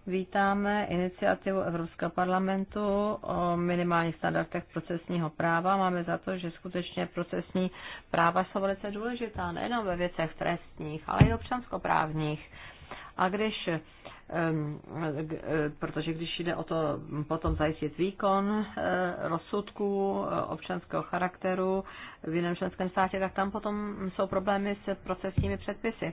Vítáme iniciativu Evropského parlamentu o minimálních standardech procesního práva. Máme za to, že skutečně procesní práva jsou velice důležitá, nejenom ve věcech trestních, ale i občanskoprávních. A když, e, protože když jde o to potom zajistit výkon e, rozsudků e, občanského charakteru v jiném členském státě, tak tam potom jsou problémy s procesními předpisy.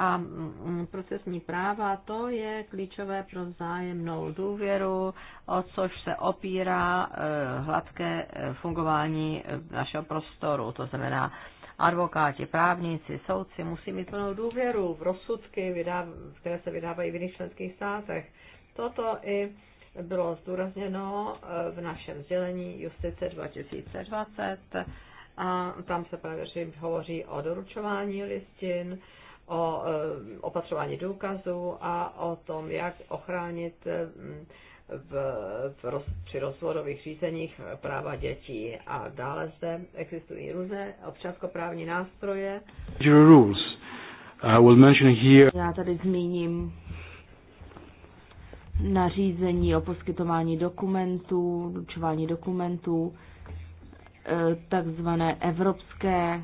A mm, procesní práva to je klíčové pro vzájemnou důvěru, o což se opírá e, hladké e, fungování e, našeho prostoru. To znamená, advokáti, právníci, soudci musí mít plnou důvěru v rozsudky, které se vydávají v jiných členských státech. Toto i bylo zdůrazněno v našem sdělení Justice 2020 a tam se právě hovoří o doručování listin, o e, opatřování důkazů a o tom, jak ochránit e, v, v roz, při rozvodových řízeních práva dětí. A dále zde existují různé občanskoprávní nástroje. Já tady zmíním nařízení o poskytování dokumentů, doručování dokumentů, e, takzvané evropské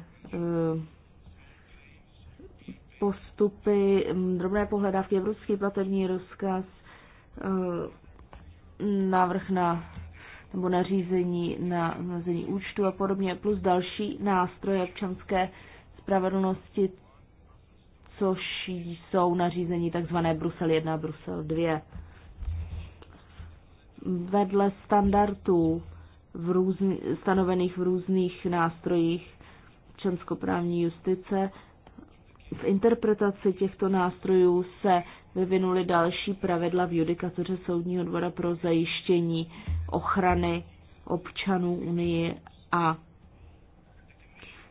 postupy, mm, drobné pohledávky, evropský platební rozkaz, eh, návrh na nebo nařízení na zmrazení účtu a podobně, plus další nástroje občanské spravedlnosti, což jsou nařízení tzv. Brusel 1 a Brusel 2. Vedle standardů v různ, stanovených v různých nástrojích občanskoprávní justice v interpretaci těchto nástrojů se vyvinuly další pravidla v judikatuře Soudního dvora pro zajištění ochrany občanů Unii a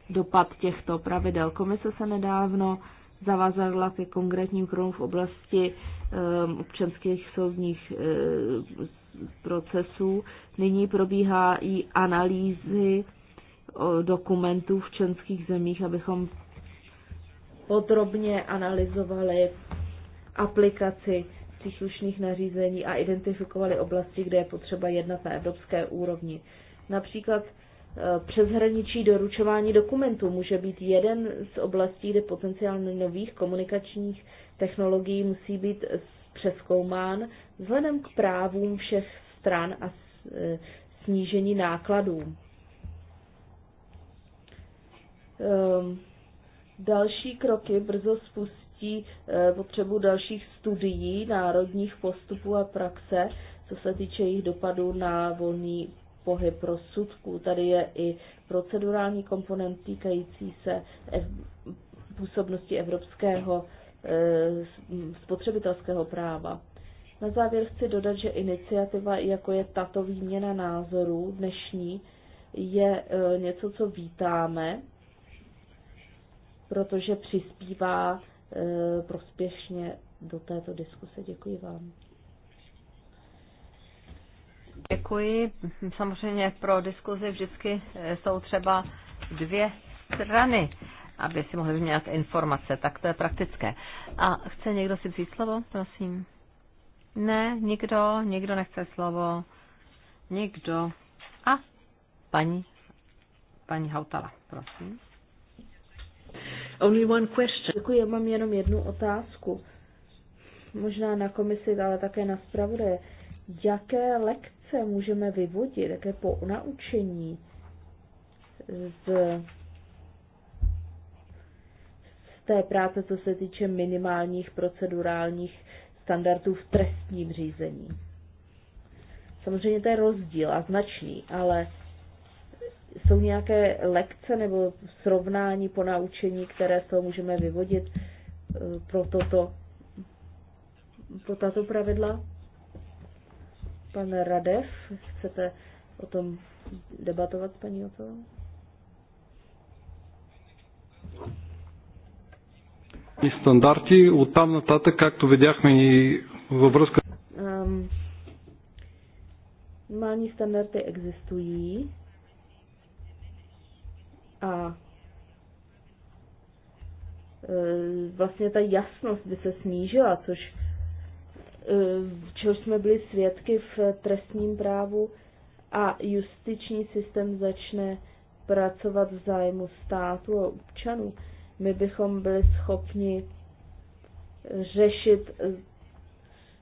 dopad těchto pravidel. Komise se nedávno zavázala ke konkrétním krokům v oblasti um, občanských soudních um, procesů. Nyní probíhá i analýzy dokumentů v členských zemích, abychom podrobně analyzovali aplikaci příslušných nařízení a identifikovali oblasti, kde je potřeba jednat na evropské úrovni. Například e, přeshraničí doručování dokumentů může být jeden z oblastí, kde potenciál nových komunikačních technologií musí být přeskoumán vzhledem k právům všech stran a e, snížení nákladů. Ehm, Další kroky brzo spustí eh, potřebu dalších studií, národních postupů a praxe, co se týče jejich dopadů na volný pohyb rozsudků. Tady je i procedurální komponent týkající se působnosti evropského eh, spotřebitelského práva. Na závěr chci dodat, že iniciativa, jako je tato výměna názorů dnešní, je eh, něco, co vítáme protože přispívá eh, prospěšně do této diskuse. Děkuji vám. Děkuji. Samozřejmě pro diskuzi vždycky eh, jsou třeba dvě strany, aby si mohli vyměnit informace, tak to je praktické. A chce někdo si vzít slovo, prosím? Ne, nikdo, nikdo nechce slovo. Nikdo. A paní, paní Hautala, prosím. Only one question. Děkuji, já mám jenom jednu otázku. Možná na komisi, ale také na zpravodaje. Jaké lekce můžeme vyvodit, jaké po naučení z, z té práce, co se týče minimálních procedurálních standardů v trestním řízení? Samozřejmě to je rozdíl a značný, ale jsou nějaké lekce nebo srovnání po naučení, které z toho můžeme vyvodit eh, pro, toto, pro tato pravidla? Pan Radev, chcete o tom debatovat s paní Otovou? И стандарти от там нататък, както видяхме и във връзка. Um, минимални стандарти existují a e, vlastně ta jasnost by se snížila, což e, čehož jsme byli svědky v trestním právu a justiční systém začne pracovat v zájmu státu a občanů. My bychom byli schopni řešit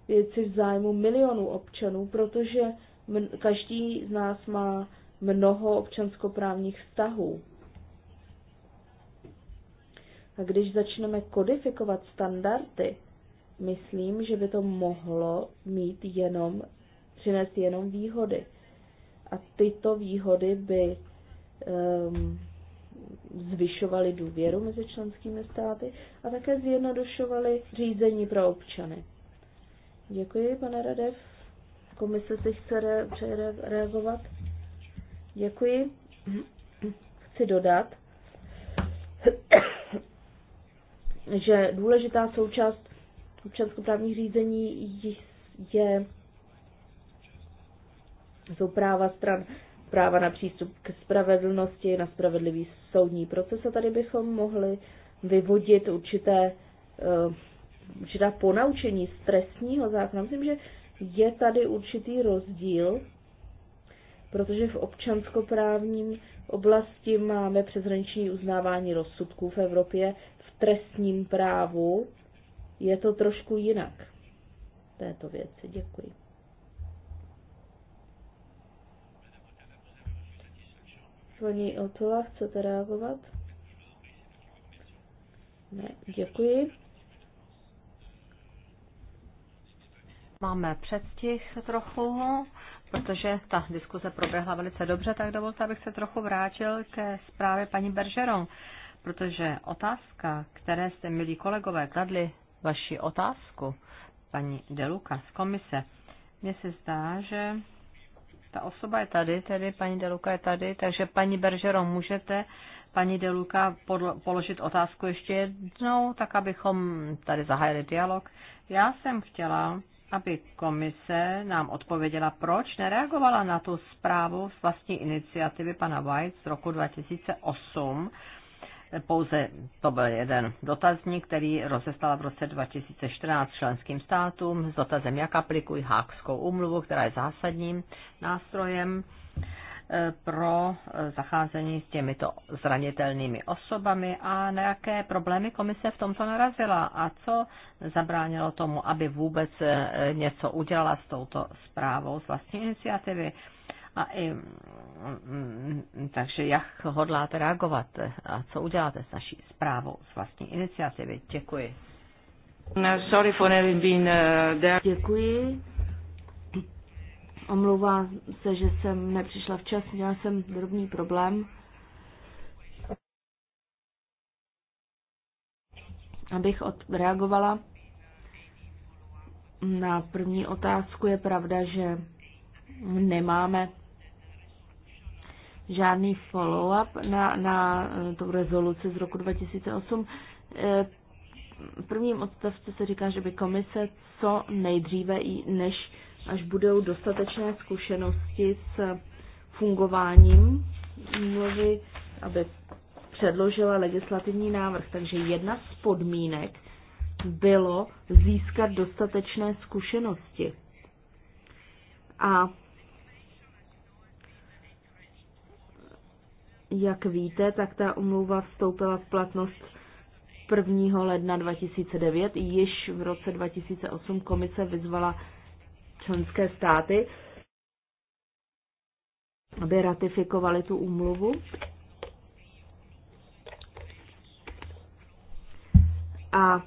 věci v zájmu milionů občanů, protože každý z nás má mnoho občanskoprávních vztahů. A když začneme kodifikovat standardy, myslím, že by to mohlo mít jenom, přinést jenom výhody. A tyto výhody by um, zvyšovaly důvěru mezi členskými státy a také zjednodušovaly řízení pro občany. Děkuji, pane Radev. Komise si chce re- re- reagovat. Děkuji. Chci dodat, že důležitá součást občanskoprávních řízení je, jsou práva stran, práva na přístup k spravedlnosti, na spravedlivý soudní proces a tady bychom mohli vyvodit určité, eh, určitá ponaučení z trestního zákona. Myslím, že je tady určitý rozdíl, protože v občanskoprávním oblasti máme přeshraniční uznávání rozsudků v Evropě. V trestním právu je to trošku jinak této věci. Děkuji. Paní Otola, chcete reagovat? Ne, děkuji. Máme předstih trochu protože ta diskuze proběhla velice dobře, tak dovolte, abych se trochu vrátil ke zprávě paní Bergeron, protože otázka, které jste, milí kolegové, kladli vaši otázku, paní Deluka z komise, mně se zdá, že ta osoba je tady, tedy paní Deluka je tady, takže paní Bergeron, můžete paní Deluka položit otázku ještě jednou, tak abychom tady zahájili dialog. Já jsem chtěla aby komise nám odpověděla, proč nereagovala na tu zprávu z vlastní iniciativy pana White z roku 2008. Pouze to byl jeden dotazník, který rozestala v roce 2014 členským státům s dotazem, jak aplikují Hákskou umluvu, která je zásadním nástrojem pro zacházení s těmito zranitelnými osobami a na jaké problémy komise v tomto narazila a co zabránilo tomu, aby vůbec eh, něco udělala s touto zprávou z vlastní iniciativy. A i, mm, mm, takže jak hodláte reagovat a co uděláte s naší zprávou z vlastní iniciativy? Děkuji. Sorry eh, Děkuji Omlouvá se, že jsem nepřišla včas, měla jsem drobný problém. Abych odreagovala na první otázku, je pravda, že nemáme žádný follow-up na, na tu rezoluci z roku 2008. Eh, v prvním odstavci se říká, že by komise co nejdříve, než až budou dostatečné zkušenosti s fungováním úmluvy, aby předložila legislativní návrh. Takže jedna z podmínek bylo získat dostatečné zkušenosti. A jak víte, tak ta umluva vstoupila v platnost 1. ledna 2009. Již v roce 2008 komise vyzvala členské státy, aby ratifikovali tu úmluvu. A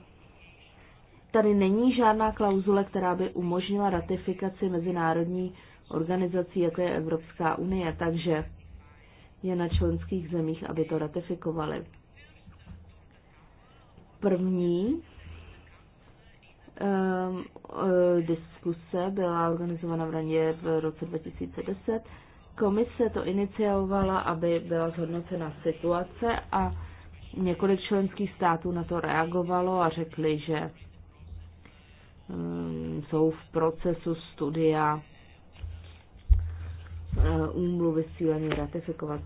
tady není žádná klauzule, která by umožnila ratifikaci mezinárodní organizací, jako je Evropská unie, takže je na členských zemích, aby to ratifikovali. První um, diskuse byla organizována v Raně v roce 2010. Komise to iniciovala, aby byla zhodnocena situace a několik členských států na to reagovalo a řekli, že um, jsou v procesu studia eh, úmluvy s cílem ratifikovat.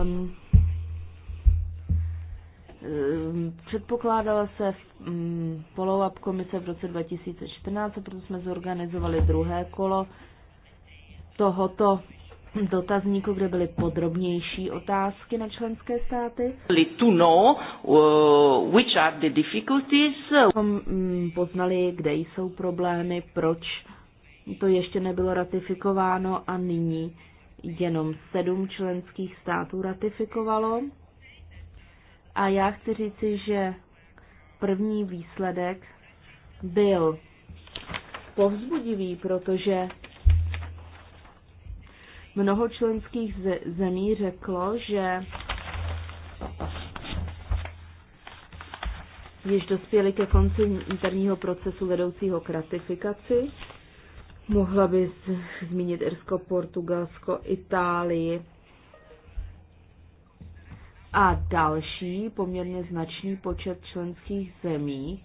Um, Eh, předpokládala se mm, follow-up komise v roce 2014, a proto jsme zorganizovali druhé kolo tohoto dotazníku, kde byly podrobnější otázky na členské státy. To know, uh, which are the difficulties. Mm, poznali, kde jsou problémy, proč to ještě nebylo ratifikováno a nyní jenom sedm členských států ratifikovalo. A já chci říci, že první výsledek byl povzbudivý, protože mnoho členských zemí řeklo, že již dospěli ke konci interního procesu vedoucího k ratifikaci. Mohla by zmínit Irsko, Portugalsko, Itálii, a další poměrně značný počet členských zemí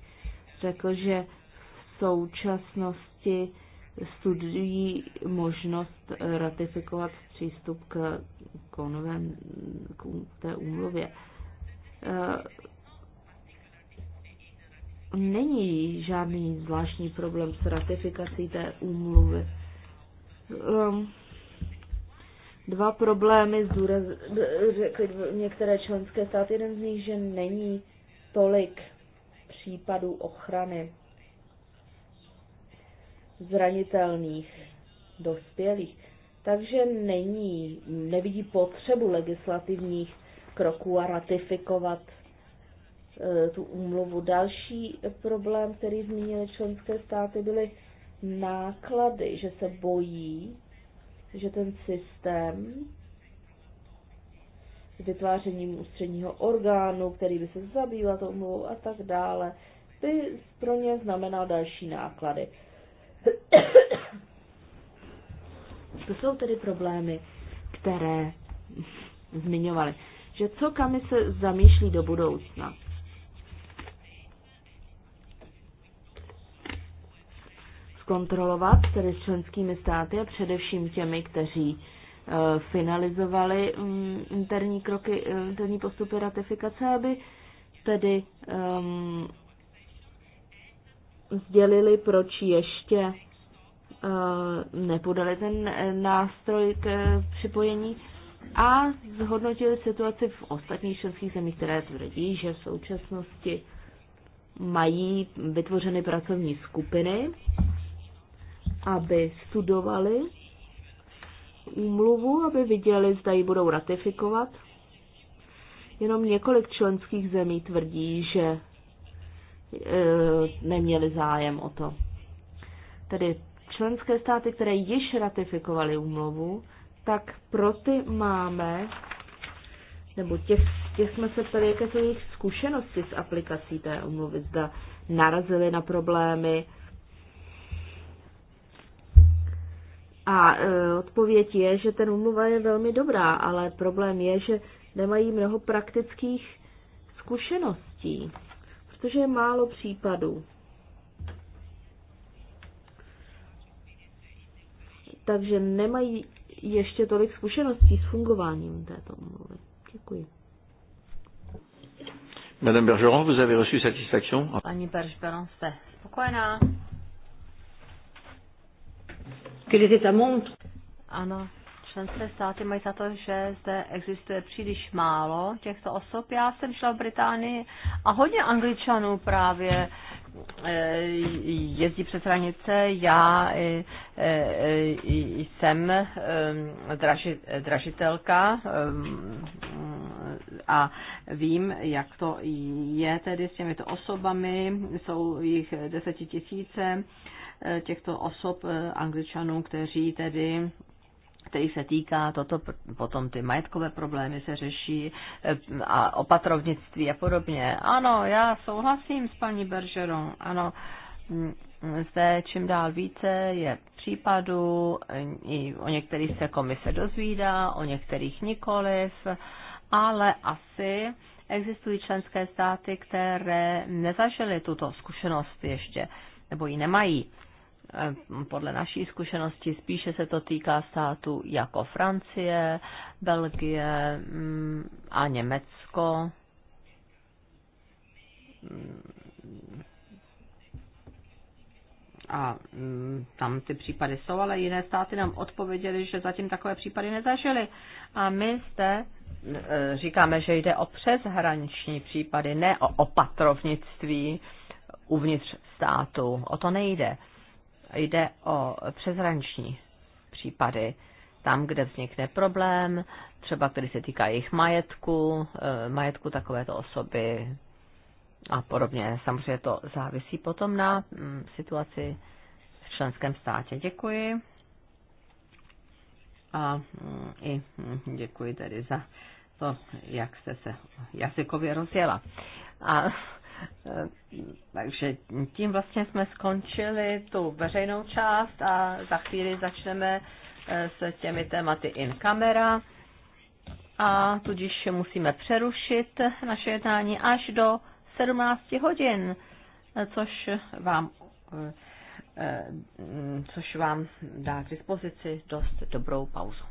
řekl, že v současnosti studují možnost ratifikovat přístup k, konven, k té úmluvě. E, není žádný zvláštní problém s ratifikací té úmluvy. Um, dva problémy zdůraz, řekli některé členské státy. Jeden z nich, že není tolik případů ochrany zranitelných dospělých. Takže není, nevidí potřebu legislativních kroků a ratifikovat e, tu úmluvu. Další problém, který zmínili členské státy, byly náklady, že se bojí že ten systém s vytvářením ústředního orgánu, který by se zabýval tou umluvou a tak dále, by pro ně znamenal další náklady. To jsou tedy problémy, které zmiňovali. Že co kamy se zamýšlí do budoucna? zkontrolovat, tedy s členskými státy a především těmi, kteří eh, finalizovali mm, interní kroky, eh, interní postupy ratifikace, aby tedy um, sdělili, proč ještě uh, nepodali ten nástroj k připojení a zhodnotili situaci v ostatních členských zemích, které tvrdí, že v současnosti mají vytvořeny pracovní skupiny aby studovali úmluvu, aby viděli, zda ji budou ratifikovat. Jenom několik členských zemí tvrdí, že e, neměli zájem o to. Tedy členské státy, které již ratifikovaly úmluvu, tak pro ty máme, nebo těch, těch jsme se ptali, jaké jsou jejich zkušenosti s aplikací té úmluvy, zda narazili na problémy, A e, odpověď je, že ten umluva je velmi dobrá, ale problém je, že nemají mnoho praktických zkušeností, protože je málo případů. Takže nemají ještě tolik zkušeností s fungováním této umluvy. Děkuji. Madame Bergeron, vous avez reçu satisfaction? Paní Bergeron, jste spokojená? que les États membres. Ano, členské státy mají za to, že zde existuje příliš málo těchto osob. Já jsem šla v Británii a hodně angličanů právě eh, jezdí přes hranice. Já eh, eh, jsem dražitelka a vím, jak to je tedy s těmito osobami. Jsou jich desetitisíce. Eh, těchto osob, eh, angličanů, kteří tedy který se týká toto, potom ty majetkové problémy se řeší eh, a opatrovnictví a podobně. Ano, já souhlasím s paní Bergeron, ano, mm, zde čím dál více je případů, o některých se komise dozvídá, o některých nikoliv, ale asi existují členské státy, které nezažily tuto zkušenost ještě, nebo ji nemají. Eh, podle naší zkušenosti spíše se to týká států jako Francie, Belgie mm, a Německo. Mm. A mm, tam ty případy jsou, ale jiné státy nám odpověděly, že zatím takové případy nezažili. A my zde eh, říkáme, že jde o přeshraniční případy, ne o opatrovnictví uvnitř státu. O to nejde jde o přezranční případy, tam, kde vznikne problém, třeba který se týká jejich majetku, e, majetku takovéto osoby a podobně. Samozřejmě to závisí potom na mm, situaci v členském státě. Děkuji. A mm, i mm, děkuji tedy za to, jak jste se jazykově rozjela. A Eh, takže tím vlastně jsme skončili tu veřejnou část a za chvíli začneme eh, s těmi tématy in camera a tudíž musíme přerušit naše jednání až do 17 hodin, eh, což vám, což vám dá k dispozici dost dobrou pauzu.